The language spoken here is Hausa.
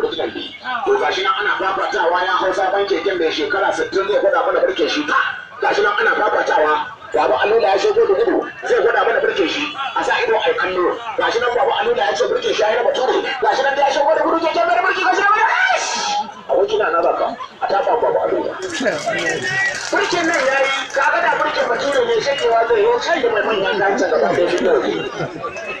politically to gashi nan ana fafatawa ya hausa ban keken mai shekara 60 zai gwada mana barke shi gashi nan ana fafatawa babu alula ya shigo da gudu zai gwada mana birke shi a sa ido a kallo gashi nan babu alula ya ce birke shi ya raba ture gashi nan da ya shigo da gudu ke gashi nan a wuce na a tafa babu alula birkin nan ya yi da bature ne shakewa zai yi da mai manyan gancan da ba sai shi